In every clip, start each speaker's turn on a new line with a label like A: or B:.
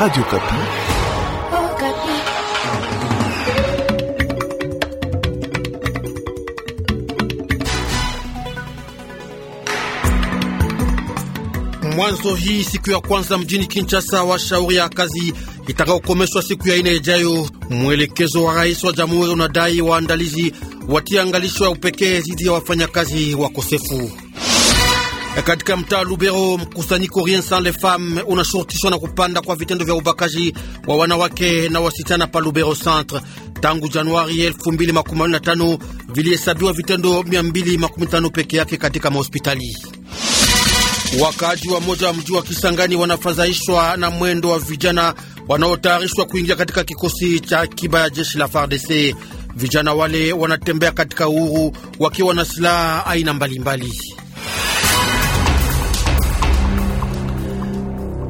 A: Radio Kapi.
B: Oh, Kapi.
C: Mwanzo hii siku ya kwanza mjini Kinshasa wa shauri ya kazi itakaokomeshwa siku ya ine ijayo. Mwelekezo wa rais wa jamhuri unadai waandalizi watiangalisho ya upekee dhidi ya wafanyakazi wakosefu. Katika mtaa Lubero, mkusanyiko Rien Sans Les Femmes unashurutishwa na kupanda kwa vitendo vya ubakaji wa wanawake na wasichana pa Lubero Centre. Tangu Januari 2025 vilihesabiwa vitendo 215 peke yake katika mahospitali. Wakaaji wa moja wa mji wa Kisangani wanafadhaishwa na mwendo wa vijana wanaotayarishwa kuingia katika kikosi cha akiba ya jeshi la FARDC. Vijana wale wanatembea katika uhuru wakiwa na silaha aina mbalimbali.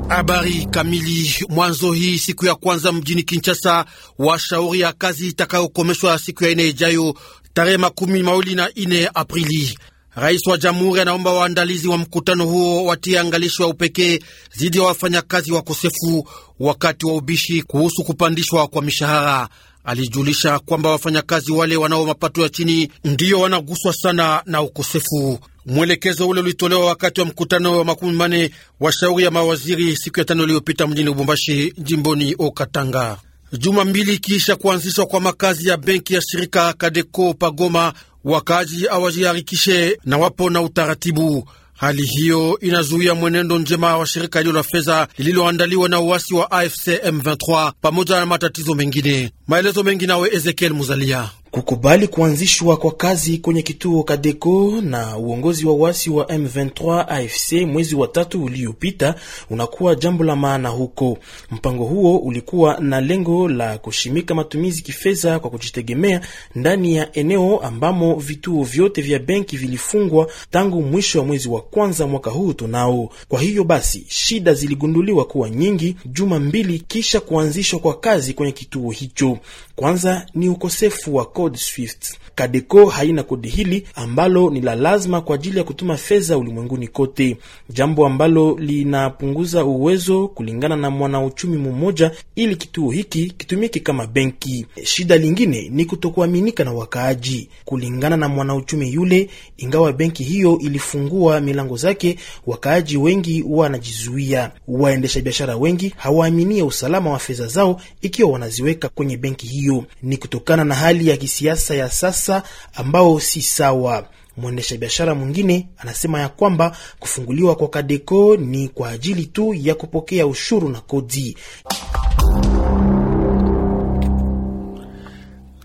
C: Habari kamili. Mwanzo hii siku ya kwanza mjini Kinshasa wa shauri ya kazi itakayokomeshwa siku ya ine ijayo tarehe makumi mawili na ine Aprili. Rais wa jamhuri anaomba waandalizi wa mkutano huo watie angalisho ya upekee dhidi ya wafanyakazi wakosefu wakati wa ubishi kuhusu kupandishwa kwa mishahara alijulisha kwamba wafanyakazi wale wanao mapato ya chini ndiyo wanaguswa sana na ukosefu. Mwelekezo ule ulitolewa wakati wa mkutano wa makumi mane wa shauri ya mawaziri siku ya tano iliyopita mjini Lubumbashi, jimboni Okatanga. Juma mbili kisha kuanzishwa kwa makazi ya benki ya shirika Kadeko Pagoma, wakaaji awajiharikishe na wapo na utaratibu Hali hiyo inazuia mwenendo njema wa shirika hilo la fedha lililoandaliwa na uasi wa AFC M23 pamoja na matatizo mengine. Maelezo mengi nawe Ezekiel Muzalia.
D: Kukubali kuanzishwa kwa kazi kwenye kituo Kadeko na uongozi wa wasi wa M23 AFC mwezi wa tatu uliopita unakuwa jambo la maana huko. Mpango huo ulikuwa na lengo la kushimika matumizi kifedha kwa kujitegemea ndani ya eneo ambamo vituo vyote vya benki vilifungwa tangu mwisho wa mwezi wa kwanza mwaka huu tunao. Kwa hiyo basi, shida ziligunduliwa kuwa nyingi juma mbili kisha kuanzishwa kwa kazi kwenye kituo hicho. Kwanza ni ukosefu wa code Swift. Kadeko haina kodi hili ambalo ni la lazima kwa ajili ya kutuma fedha ulimwenguni kote, jambo ambalo linapunguza uwezo kulingana na mwanauchumi mmoja, ili kituo hiki kitumike kama benki. Shida lingine ni kutokuaminika na wakaaji, kulingana na mwanauchumi yule. Ingawa benki hiyo ilifungua milango zake, wakaaji wengi wanajizuia. Waendesha biashara wengi hawaaminia usalama wa fedha zao ikiwa wanaziweka kwenye benki hiyo hiyo ni kutokana na hali ya kisiasa ya sasa ambao si sawa. Mwendesha biashara mwingine anasema ya kwamba kufunguliwa kwa Kadeko ni kwa ajili tu ya kupokea ushuru na kodi.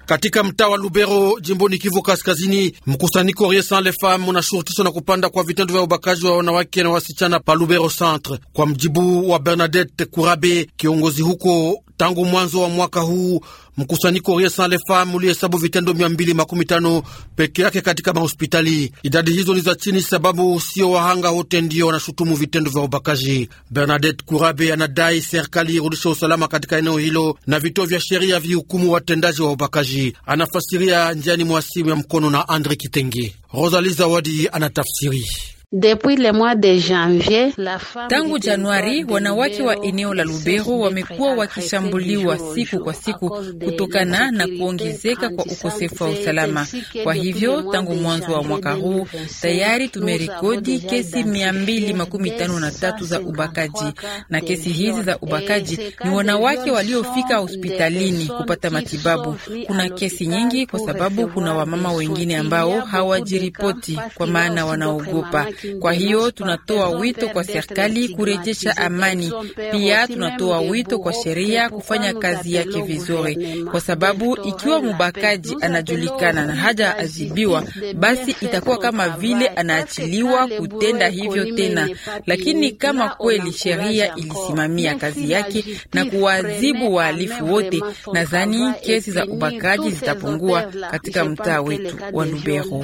C: Katika mtaa wa Lubero jimboni Kivu Kaskazini, mkusanyiko Riesan le Fam unashurutishwa na kupanda kwa vitendo vya ubakaji wa wanawake na wasichana pa Lubero Centre. Kwa mjibu wa Bernadette Kurabe, kiongozi huko Tangu mwanzo wa mwaka huu mkusanyiko Rien les Femmes ulihesabu vitendo mia mbili makumi tano peke yake katika mahospitali. Idadi hizo ni za chini, sababu sio wahanga wote ndio wanashutumu vitendo vya ubakaji. Bernadette Kurabe anadai serikali irudishe usalama katika eneo hilo na vituo vya sheria vihukumu watendaji wa ubakaji. Anafasiria njiani mwa simu ya mkono na Andre Kitenge. Rosalie Zawadi anatafsiri.
E: Tangu Januari, wanawake wa eneo la Lubero wamekuwa wakishambuliwa siku kwa siku kutokana na kuongezeka kwa ukosefu wa usalama. Kwa hivyo, tangu mwanzo wa mwaka huu tayari tumerekodi kesi mia za ubakaji, na kesi hizi za ubakaji ni wanawake waliofika hospitalini kupata matibabu. Kuna kesi nyingi kwa sababu kuna wamama wengine ambao hawajiripoti kwa maana wanaogopa. Kwa hiyo tunatoa wito kwa serikali kurejesha amani. Pia tunatoa wito kwa sheria kufanya kazi yake vizuri, kwa sababu ikiwa mubakaji anajulikana na haja azibiwa, basi itakuwa kama vile anaachiliwa kutenda hivyo tena. Lakini kama kweli sheria ilisimamia kazi yake na kuwaadhibu wahalifu wote, nadhani kesi za ubakaji
C: zitapungua katika mtaa wetu wa Lubero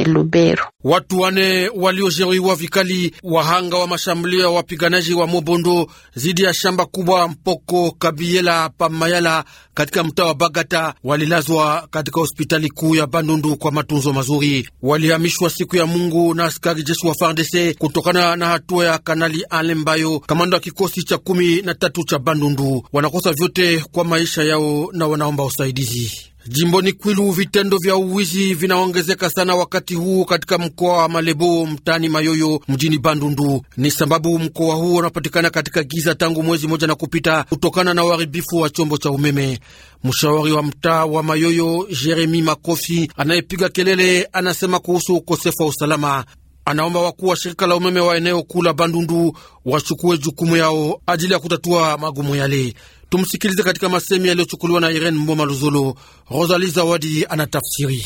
E: mjini Lubero.
C: Watu wane waliojeruhiwa vikali, wahanga wa mashambulio ya wapiganaji wa Mobondo zidi ya shamba kubwa Mpoko Kabiela Pamayala katika mtaa wa Bagata walilazwa katika hospitali kuu ya Bandundu kwa matunzo mazuri. Walihamishwa siku ya Mungu na askari jeshi wa FARDC kutokana na hatua ya Kanali Alembayo, kamanda wa kikosi cha kumi na tatu cha Bandundu. Wanakosa vyote kwa maisha yao na wanaomba usaidizi. Jimboni Kwilu vitendo vya uwizi vinaongezeka sana wakati huu katika mkoa wa Malebo mtani Mayoyo mjini Bandundu. Ni sababu mkoa huu unapatikana katika giza tangu mwezi moja na kupita kutokana na uharibifu wa chombo cha umeme. Mshauri wa mtaa wa Mayoyo Jeremi Makofi anayepiga kelele anasema kuhusu ukosefu wa usalama anaomba wakuu wa shirika la umeme wa eneo kuu la Bandundu wachukue jukumu yao ajili ya kutatua magumu yale. Tumsikilize katika masemi yaliyochukuliwa na Irene Mboma Luzolo. Rosali Zawadi anatafsiri.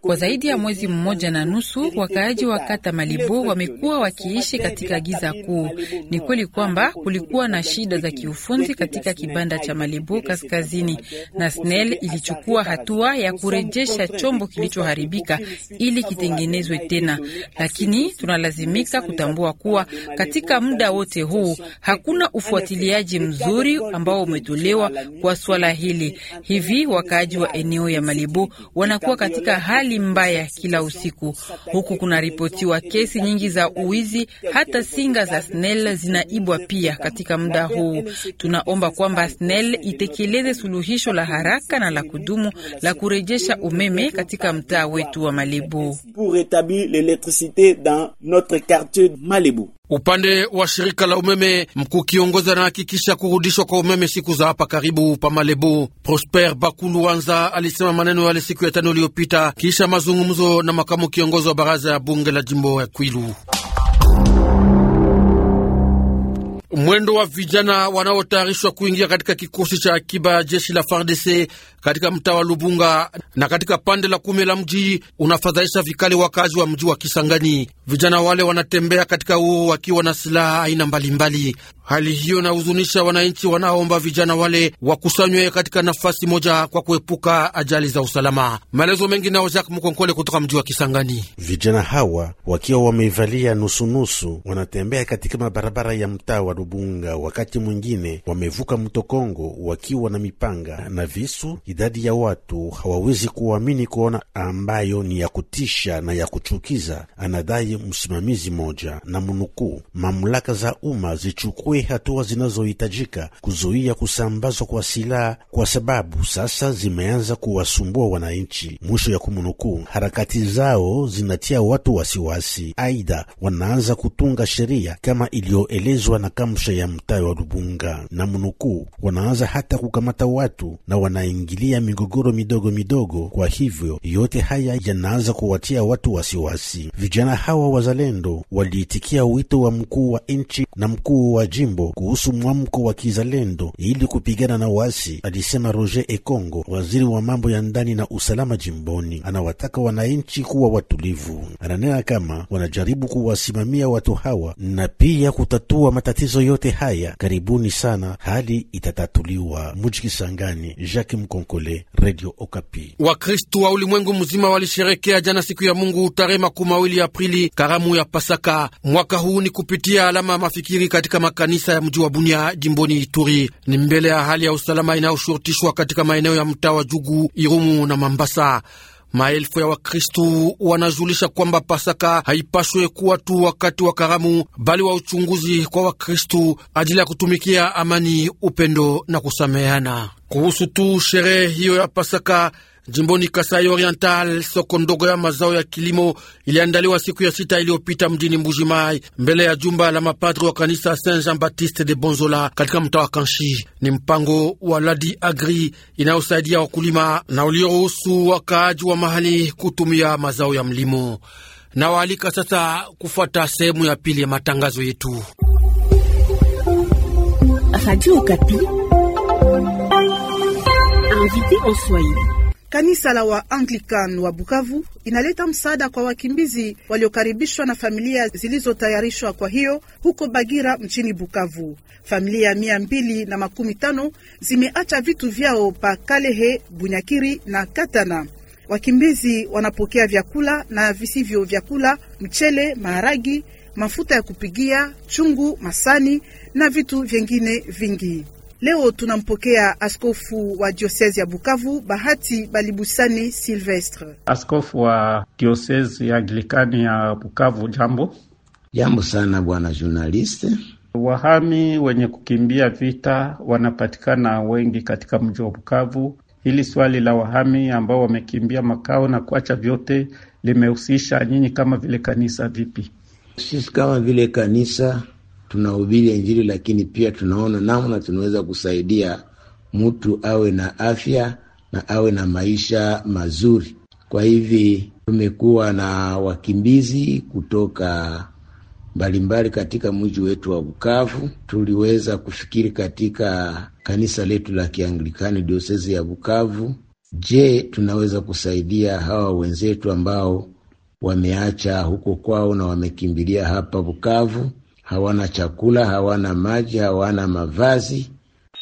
C: Kwa zaidi ya mwezi mmoja na nusu, wakaaji wa kata
E: Malibo wamekuwa wakiishi katika giza kuu. Ni kweli kwamba kulikuwa na shida za kiufundi katika kibanda cha Malibo kaskazini, na SNEL ilichukua hatua ya kurejesha chombo kilichoharibika ili kitengenezwe tena, lakini tunalazimika kutambua kuwa katika muda wote huu hakuna ufuatiliaji mzuri ambao umetolewa kwa swala hili. Hivi wakaaji wa eneo ya Malibu wanakuwa katika hali mbaya kila usiku. Huku kunaripotiwa kesi nyingi za uwizi, hata singa za SNEL zinaibwa pia katika muda huu. Tunaomba kwamba SNEL itekeleze suluhisho la haraka na la kudumu la kurejesha umeme katika mtaa wetu wa Malibu.
C: Upande wa shirika la umeme mkuu kiongozi anahakikisha kurudishwa kwa umeme siku za hapa karibu pa Malebo. Prosper wanza alisema maneno yale siku ya tano iliyopita kisha mazungumzo na makamu kiongozi wa baraza ya bunge la jimbo ya Kwilu. Mwendo wa vijana wanaotayarishwa kuingia katika kikosi cha akiba ya jeshi la FARDC katika mtaa wa Lubunga na katika pande la kumi la mji unafadhaisha vikali wakazi wa mji wa Kisangani. Vijana wale wanatembea katika uo wakiwa na silaha aina mbalimbali. Hali hiyo inahuzunisha wananchi wanaoomba vijana wale wakusanywe katika nafasi moja kwa kuepuka ajali za usalama. Maelezo mengi nao Jacques Mkonkole kutoka mji wa Kisangani.
A: Vijana hawa wakiwa wameivalia nusunusu wanatembea katika mabarabara ya mtaa wa Rubunga wakati mwingine wamevuka mto Kongo wakiwa na mipanga na visu. Idadi ya watu hawawezi kuamini kuona, ambayo ni ya kutisha na ya kuchukiza, anadai msimamizi moja, na mnukuu, mamlaka za umma zichukue hatua zinazohitajika kuzuia kusambazwa kwa silaha kwa sababu sasa zimeanza kuwasumbua wananchi, mwisho ya kumnukuu. Harakati zao zinatia watu wasiwasi, aidha wanaanza kutunga sheria kama iliyoelezwa na kama maamsha ya mtaa wa Lubunga na mnukuu, wanaanza hata kukamata watu na wanaingilia migogoro midogo midogo. Kwa hivyo yote haya yanaanza kuwatia watu wasiwasi. Vijana hawa wazalendo waliitikia wito wa mkuu wa nchi na mkuu wa jimbo kuhusu mwamko wa kizalendo ili kupigana na wasi, alisema Roger Ekongo, waziri wa mambo ya ndani na usalama jimboni. Anawataka wananchi kuwa watulivu. Ananena kama wanajaribu kuwasimamia watu hawa na pia kutatua matatizo Matatizo yote haya karibuni sana, hali itatatuliwa. Mujikisangani, Jacques Mkonkole, Radio Okapi.
C: Wakristu wa ulimwengu mzima walisherekea jana siku ya Mungu tarehe makumi mawili Aprili karamu ya Pasaka. Mwaka huu ni kupitia alama ya mafikiri katika makanisa ya mji wa Bunia jimboni Ituri, ni mbele ya hali ya usalama inayoshurutishwa katika maeneo ya mtaa wa Jugu, Irumu na Mambasa. Maelfu ya Wakristu wanajulisha kwamba Pasaka haipaswe kuwa tu wakati wa karamu, bali wa uchunguzi kwa Wakristu ajili ya kutumikia amani, upendo na kusameheana. Kuhusu tu sherehe hiyo ya Pasaka, Jimboni Kasai Oriental, soko ndogo ya mazao ya kilimo iliandaliwa siku ya sita iliyopita mjini Mbujimai, mbele ya jumba la mapadri wa kanisa Saint Jean Baptiste de Bonzola katika mtaa wa Kanshi. Ni mpango wa Ladi Agri inayosaidia wakulima na ulioruhusu wakaaji wa mahali kutumia mazao ya mlimo. Nawaalika sasa kufuata sehemu ya pili ya matangazo yetu.
F: Radio
D: Okapi, invité en Swahili.
F: Kanisa la Waanglican wa Bukavu inaleta msaada kwa wakimbizi waliokaribishwa na familia zilizotayarishwa kwa hiyo huko Bagira mchini Bukavu. Familia mia mbili na makumi tano zimeacha vitu vyao pa Kalehe, Bunyakiri na Katana. Wakimbizi wanapokea vyakula na visivyo vyakula, mchele, maharagi, mafuta ya kupigia, chungu, masani na vitu vyengine vingi. Leo tunampokea askofu wa diosezi ya Bukavu, Bahati Balibusani Silvestre,
B: askofu wa diosezi ya Anglikani ya Bukavu. Jambo, jambo
G: sana bwana journaliste.
B: Wahami wenye kukimbia vita wanapatikana wengi katika mji wa Bukavu. Hili swali la wahami ambao wamekimbia makao na kuacha vyote limehusisha nyinyi kama vile kanisa vipi?
G: Sisi kama vile kanisa tunahubiri Injili, lakini pia tunaona namna tunaweza kusaidia mtu awe na afya na awe na maisha mazuri. Kwa hivi tumekuwa na wakimbizi kutoka mbalimbali katika mji wetu wa Bukavu. Tuliweza kufikiri katika kanisa letu la Kianglikani diosezi ya Bukavu, je, tunaweza kusaidia hawa wenzetu ambao wameacha huko kwao na wamekimbilia hapa Bukavu hawana chakula, hawana maji, hawana mavazi,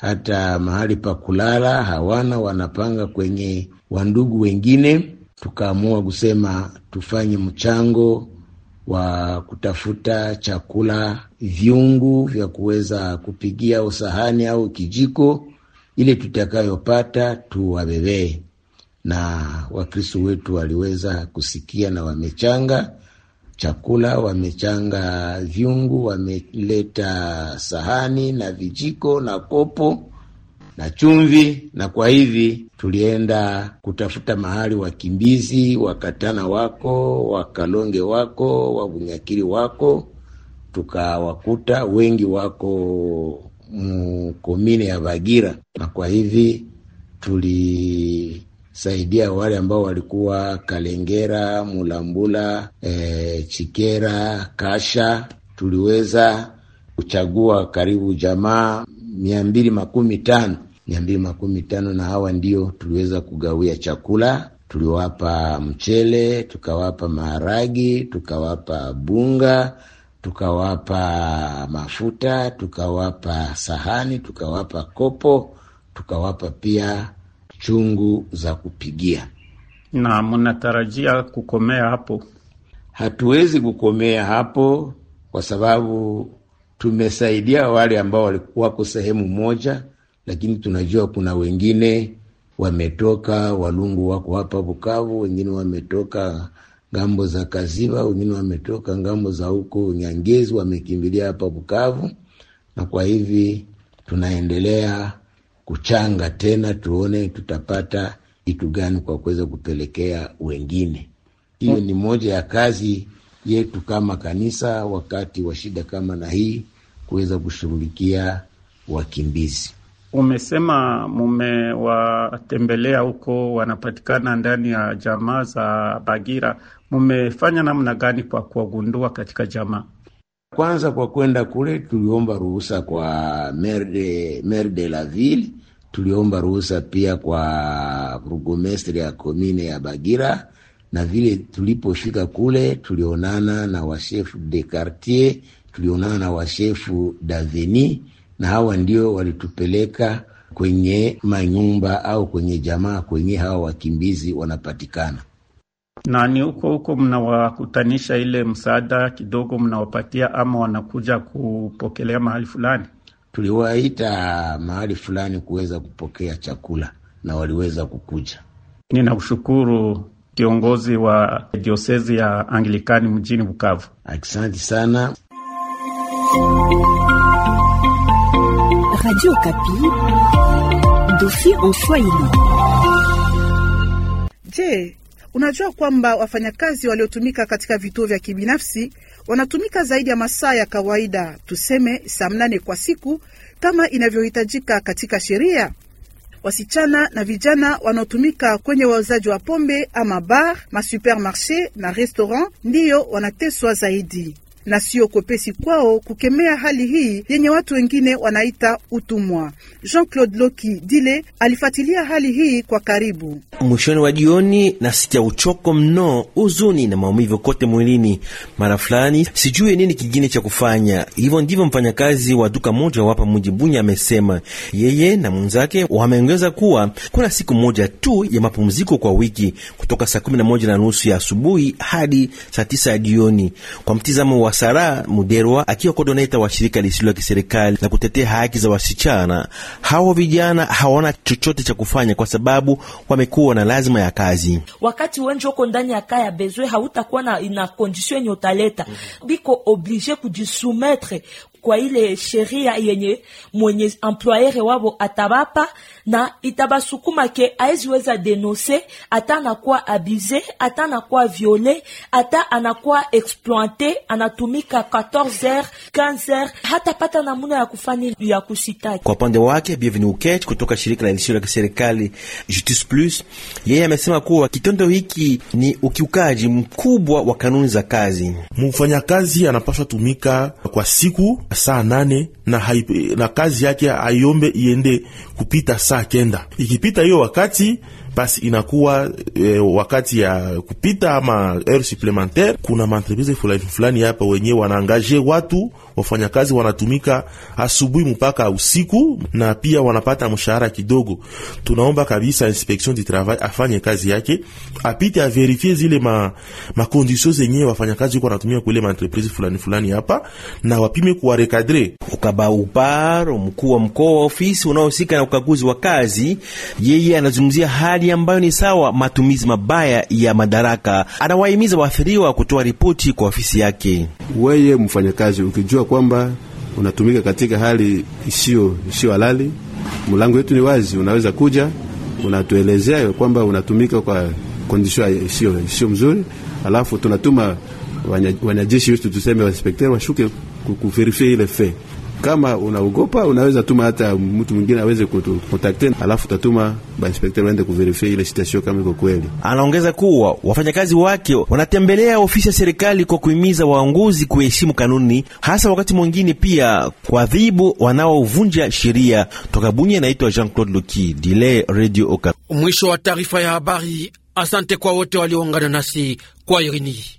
G: hata mahali pa kulala hawana. Wanapanga kwenye wandugu wengine. Tukaamua kusema tufanye mchango wa kutafuta chakula, vyungu vya kuweza kupigia usahani au kijiko, ili tutakayopata tuwabebee. Na Wakristo wetu waliweza kusikia na wamechanga chakula, wamechanga vyungu, wameleta sahani na vijiko na kopo na chumvi. Na kwa hivi tulienda kutafuta mahali wakimbizi, wakatana wako, wakalonge wako, wabunyakiri wako, tukawakuta wengi wako mkomine ya Bagira, na kwa hivi tuli saidia wale ambao walikuwa Kalengera, Mulambula, e, Chikera, Kasha. Tuliweza kuchagua karibu jamaa mia mbili makumi tano mia mbili makumi tano na hawa ndio tuliweza kugawia chakula. Tuliwapa mchele, tukawapa maharagi, tukawapa bunga, tukawapa mafuta, tukawapa sahani, tukawapa kopo, tukawapa pia chungu za kupigia.
B: Na mnatarajia kukomea hapo? Hatuwezi kukomea hapo
G: kwa sababu tumesaidia wale ambao walikuwa wako sehemu moja, lakini tunajua kuna wengine wametoka Walungu, wako hapa Bukavu, wengine wametoka ngambo za Kaziba, wengine wametoka ngambo za huko Nyangezi, wamekimbilia hapa Bukavu, na kwa hivi tunaendelea kuchanga tena, tuone tutapata kitu gani kwa kuweza kupelekea wengine. Hiyo ni moja ya kazi yetu kama kanisa, wakati wa shida kama na hii, kuweza kushughulikia wakimbizi.
B: Umesema mumewatembelea huko, wanapatikana ndani ya jamaa za Bagira. Mumefanya namna gani kwa kuwagundua katika
G: jamaa? Kwanza kwa kwenda kule, tuliomba ruhusa kwa mer de, la ville Tuliomba ruhusa pia kwa burugomestre ya komine ya Bagira, na vile tulipofika kule tulionana na washefu de quartier, tulionana na washefu daveni, na hawa ndio walitupeleka kwenye manyumba au kwenye jamaa kwenye hawa wakimbizi wanapatikana.
B: Na ni huko huko mnawakutanisha, ile msaada kidogo mnawapatia, ama wanakuja kupokelea mahali fulani? tuliwaita mahali fulani kuweza kupokea chakula na waliweza kukuja. Ninakushukuru kiongozi wa diosezi ya Anglikani mjini Bukavu, asante
G: sana.
F: Radio Kapi, dosi en Swahili. Je, unajua kwamba wafanyakazi waliotumika katika vituo vya kibinafsi wanatumika zaidi ya masaa ya kawaida, tuseme saa mnane kwa siku kama inavyohitajika katika sheria. Wasichana na vijana wanaotumika kwenye wauzaji wa pombe ama bar, masupermarche na restaurant ndiyo wanateswa zaidi na sio kwepesi kwao kukemea hali hii yenye watu wengine wanaita utumwa. Jean-Claude Loki Dile alifuatilia hali hii kwa karibu.
H: Mwishoni wa jioni nasikia uchoko mno, huzuni na maumivu kote mwilini, mara fulani sijui nini kingine cha kufanya. Hivyo ndivyo mfanyakazi wa duka moja wapa mji Bunya amesema. Yeye na mwenzake wameongeza kuwa kuna siku moja tu ya mapumziko kwa wiki kutoka saa kumi na moja na nusu ya asubuhi hadi saa tisa ya jioni kwa mtizamo wa Sara Muderwa akiwa kodoneta wa shirika lisilo la kiserikali na kutetea haki za wasichana. Hao vijana hawana chochote cha kufanya kwa sababu wamekuwa na lazima ya kazi.
D: Wakati wengi wako ndani ya kaya bezwe hautakuwa na ina condition yenye utaleta biko oblige kujisumetre kwa ile sheria yenye mwenye employere wabo atabapa na itabasukuma ke aeziweza denonse ata anakuwa abuse ata anakuwa viole ata anakuwa exploite, anatumika 14 heures 15 heures hata pata namuna ya kufani ya kusitaki.
H: Kwa upande wake Bienvenue Ukech kutoka shirika la lisio la kiserikali Justice Plus, yeye amesema kuwa kitendo hiki ni ukiukaji mkubwa wa kanuni za kazi. Mfanyakazi
D: anapaswa tumika kwa siku saa nane na, hai, na kazi yake ayombe iende kupita saa kenda. Ikipita hiyo wakati basi inakuwa e, wakati ya kupita ama heure supplementaire. Kuna maentreprise fulani fulani hapa wenye wanaangaje watu wafanyakazi wanatumika asubuhi mpaka usiku, na pia wanapata mshahara kidogo. Tunaomba kabisa inspection du travail afanye kazi yake, apite averifie zile ma, ma conditions zenyewe wafanyakazi wanatumia kule maentreprise fulani
H: fulani hapa, na wapime kuwarekadre Kabaupar, mkuu wa mkoa wa ofisi unaohusika na ukaguzi wa kazi. Yeye anazungumzia hali ambayo ni sawa matumizi mabaya ya madaraka. Anawahimiza waathiriwa kutoa ripoti kwa ofisi yake. Weye mfanyakazi, ukijua kwamba unatumika katika hali isiyo isiyo halali, mlango wetu ni wazi, unaweza kuja unatuelezea kwamba unatumika kwa kondisio isiyo isiyo mzuri, alafu tunatuma wanajeshi wetu tuseme wainspekteri washuke kuverifie ile fe kama unaogopa unaweza tuma hata mtu mwingine aweze kutukontakte, alafu tatuma bainspekteri waende kuverifia ile sitasio kama iko kweli. Anaongeza kuwa wafanyakazi wake wanatembelea ofisi ya serikali kwa kuhimiza waongozi kuheshimu kanuni, hasa wakati mwingine pia kuadhibu wanaovunja sheria. Toka Bunya, naitwa Jean Claude Luki Dile, Radio Okapi.
C: Mwisho wa taarifa ya habari. Asante kwa wote walioungana nasi kwa irini.